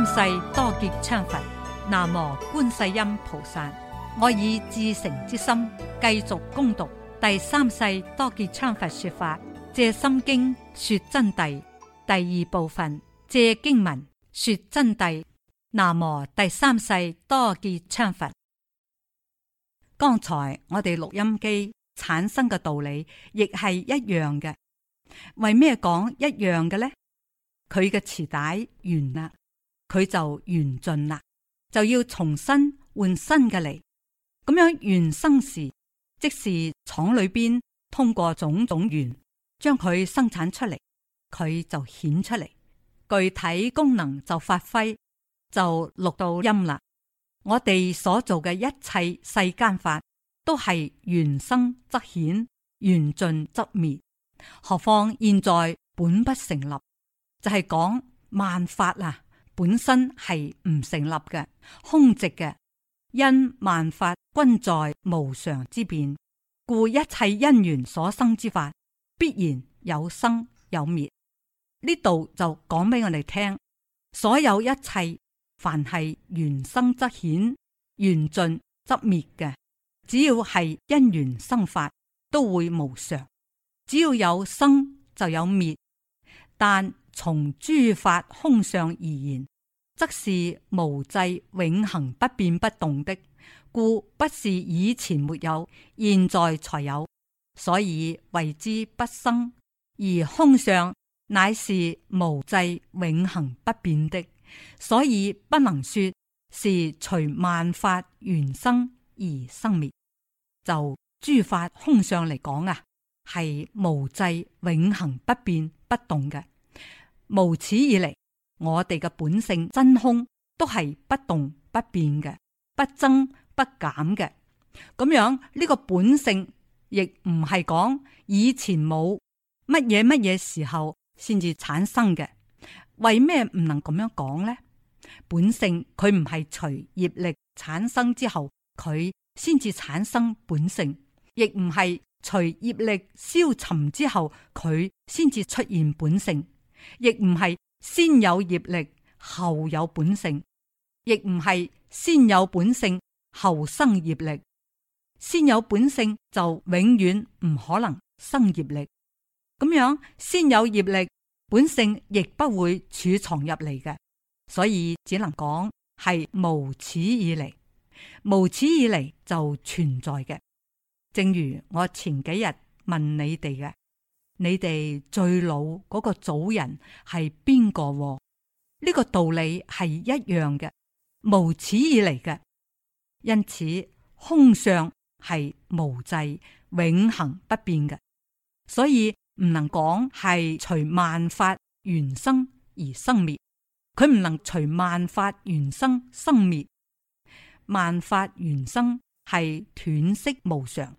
三世多杰羌佛，南無觀世音菩薩。我以至誠之心繼續攻讀第三世多杰羌佛說法，藉心經說真諦第二部分，藉經文說真諦。南無第三世多杰羌佛。剛才我哋錄音機產生嘅道理，亦係一樣嘅。為咩講一樣嘅呢？佢嘅磁帶完啦。佢就緣盡啦，就要重新換新嘅嚟，咁樣，緣生時，即是廠裏邊通過種種緣將佢生產出嚟，佢就顯出嚟，具體功能就發揮，就錄到音啦。我哋所做嘅一切世間法，都係緣生則顯，緣盡則滅。何況現在本不成立，就係、是、講萬法啦。本身係唔成立嘅，空寂嘅。因萬法均在無常之變，故一切因緣所生之法，必然有生有滅。呢度就講俾我哋聽，所有一切凡係緣生則顯，緣盡則滅嘅，只要係因緣生法，都會無常。只要有生就有滅，但從諸法空相而言。則是無際永恒不變不動的，故不是以前沒有，現在才有，所以謂之不生。而空相乃是無際永恒不變的，所以不能說是隨萬法緣生而生滅。就諸法空相嚟講啊，係無際永恒不變不動嘅，無始以嚟。我哋嘅本性真空都係不動不變嘅，不增不減嘅。咁樣呢個本性亦唔係講以前冇乜嘢乜嘢時候先至產生嘅。為咩唔能咁樣講呢？本性佢唔係隨業力產生之後佢先至產生本性，亦唔係隨業力消沉之後佢先至出現本性，亦唔係。先有業力，後有本性，亦唔係先有本性後生業力。先有本性就永遠唔可能生業力。咁樣先有業力，本性亦不會儲藏入嚟嘅。所以只能講係無始以嚟，無始以嚟就存在嘅。正如我前幾日問你哋嘅。你哋最老嗰個祖人係邊個？呢個道理係一樣嘅，無始以嚟嘅。因此空相係無際永恒不變嘅，所以唔能講係隨萬法緣生而生滅。佢唔能隨萬法緣生生滅，萬法緣生係斷色無常，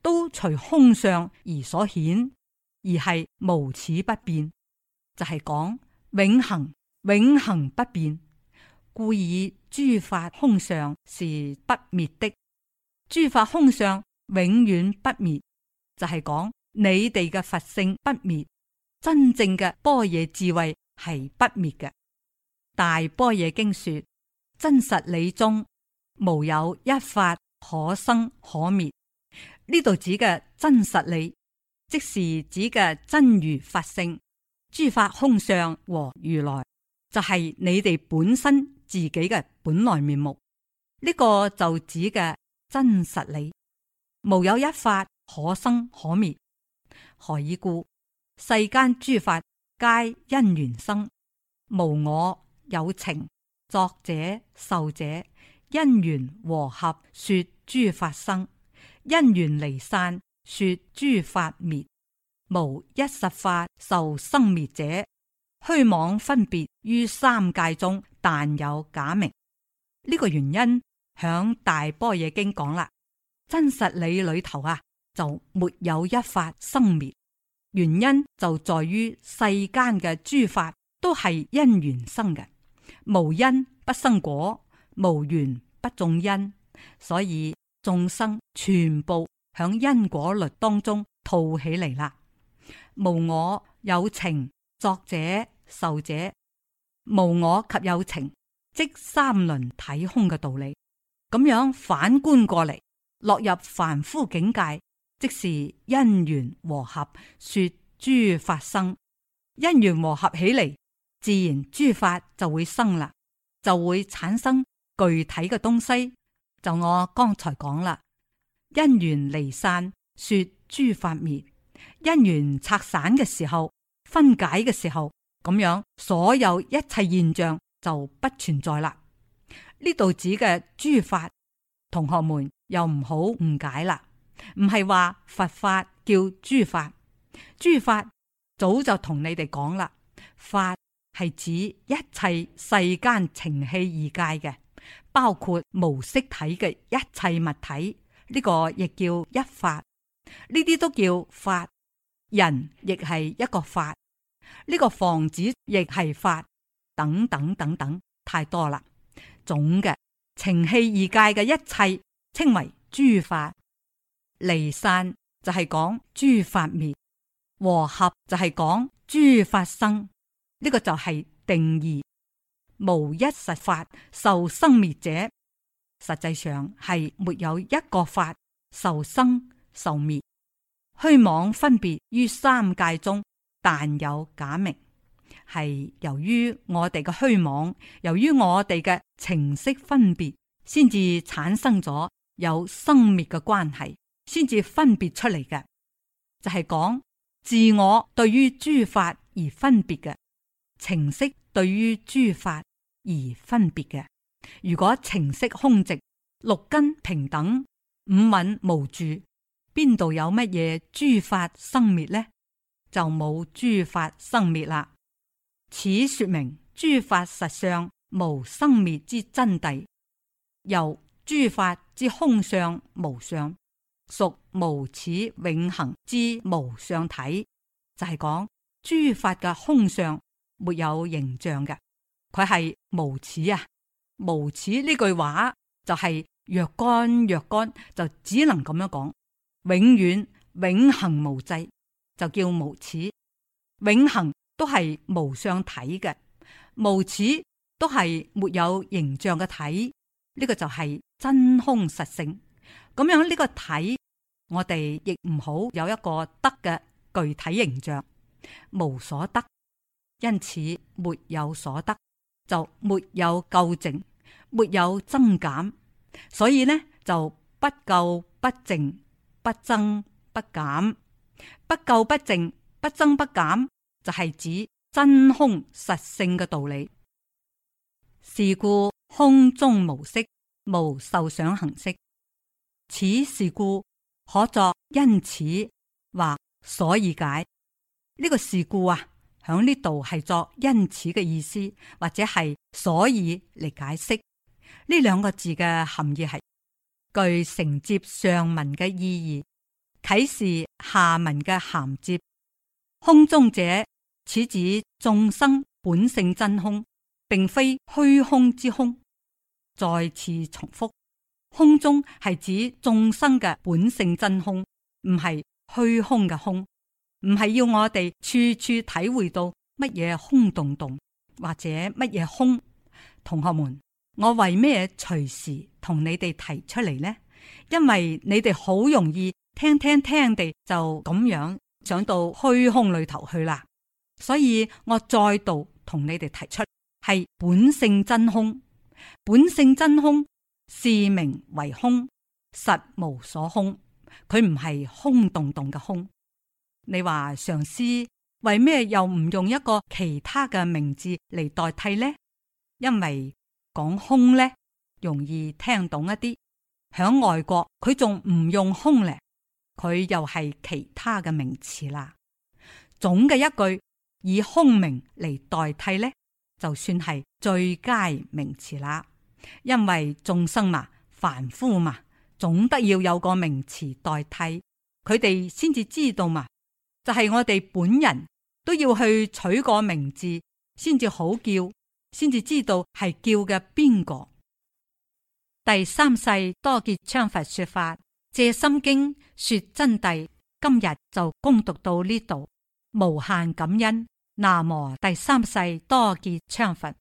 都隨空相而所顯。而係無此不變，就係講永恒、永恒不變，故以諸法空相是不滅的。諸法空相永遠不滅，就係講你哋嘅佛性不滅，真正嘅般若智慧係不滅嘅。大般若經說：真實理中無有一法可生可滅。呢度指嘅真實理。即是指嘅真如法性，諸法空相和如來，就係、是、你哋本身自己嘅本來面目。呢、這個就指嘅真實理，無有一法可生可滅。何以故？世間諸法皆因緣生，無我有情，作者受者，因緣和合說諸法生，因緣離散。說諸法滅，無一實法受生滅者，虛妄分別於三界中，但有假名。呢個原因響大般若經講啦，真實理裏頭啊，就沒有一法生滅。原因就在於世間嘅諸法都係因緣生嘅，無因不生果，無緣不種因，所以眾生全部。喺因果律當中套起嚟啦，無我有情，作者受者，無我及有情，即三輪體空嘅道理。咁樣反觀過嚟，落入凡夫境界，即是因緣和合，說諸法生，因緣和合起嚟，自然諸法就會生啦，就會產生具體嘅東西。就我剛才講啦。因緣離散，說諸法滅。因緣拆散嘅時候，分解嘅時候，咁樣所有一切現象就不存在啦。呢度指嘅諸法，同學們又唔好誤解啦，唔係話佛法叫諸法，諸法早就同你哋講啦，法係指一切世間情器二界嘅，包括無色體嘅一切物體。呢個亦叫一法，呢啲都叫法，人亦係一個法，呢個房子亦係法，等等等等，太多啦。總嘅情器二界嘅一切稱為諸法。離散，就係講諸法滅；和合就係講諸法生。呢個就係定義，無一實法受生滅者。實際上係沒有一個法受生受滅，虛妄分別於三界中，但有假名，係由於我哋嘅虛妄，由於我哋嘅情識分別，先至產生咗有生滅嘅關係，先至分別出嚟嘅，就係、是、講自我對於諸法而分別嘅，情識對於諸法而分別嘅。如果情色空寂，六根平等，五蘊無住，邊度有乜嘢諸法生滅呢？就冇諸法生滅啦。此說明諸法實相無生滅之真諦，由諸法之空相無相，屬無始永恒之無相體，就係講諸法嘅空相沒有形象嘅，佢係無始啊。無始呢句話就係、是、若干若干就只能咁樣講，永遠永恒無際就叫無始，永恒都係無相體嘅，無始都係沒有形象嘅體，呢、這個就係真空實性。咁樣呢個體，我哋亦唔好有一個得嘅具體形象，無所得，因此沒有所得。就沒有垢淨，沒有增減，所以呢就不垢不淨，不增不減，不垢不淨，不增不減就係、是、指真空實性嘅道理。是故空中無色，無受想行識，此是故可作因此或所以解呢、這個是故啊！響呢度係作因此嘅意思，或者係所以嚟解釋。呢兩個字嘅含義係，具承接上文嘅意義，啟示下文嘅銜接。空中者，此指眾生本性真空，並非虛空之空。再次重複，空中係指眾生嘅本性真空，唔係虛空嘅空。唔係要我哋處處體會到乜嘢空洞洞或者乜嘢空，同學們，我為咩隨時同你哋提出嚟呢？因為你哋好容易聽聽聽地就咁樣想到虛空裏頭去啦，所以我再度同你哋提出係本性真空，本性真空，是名為空，實無所空，佢唔係空洞洞嘅空。你話上司，為咩又唔用一個其他嘅名字嚟代替呢？因為講空呢，容易聽懂一啲。響外國佢仲唔用空呢，佢又係其他嘅名詞啦。總嘅一句，以空名嚟代替呢，就算係最佳名詞啦。因為眾生嘛，凡夫嘛，總得要有個名詞代替，佢哋先至知道嘛。就係我哋本人都要去取個名字，先至好叫，先至知道係叫嘅邊個。第三世多杰羌佛說法《藉心經》說真諦，今日就恭讀到呢度，無限感恩。南無第三世多杰羌佛。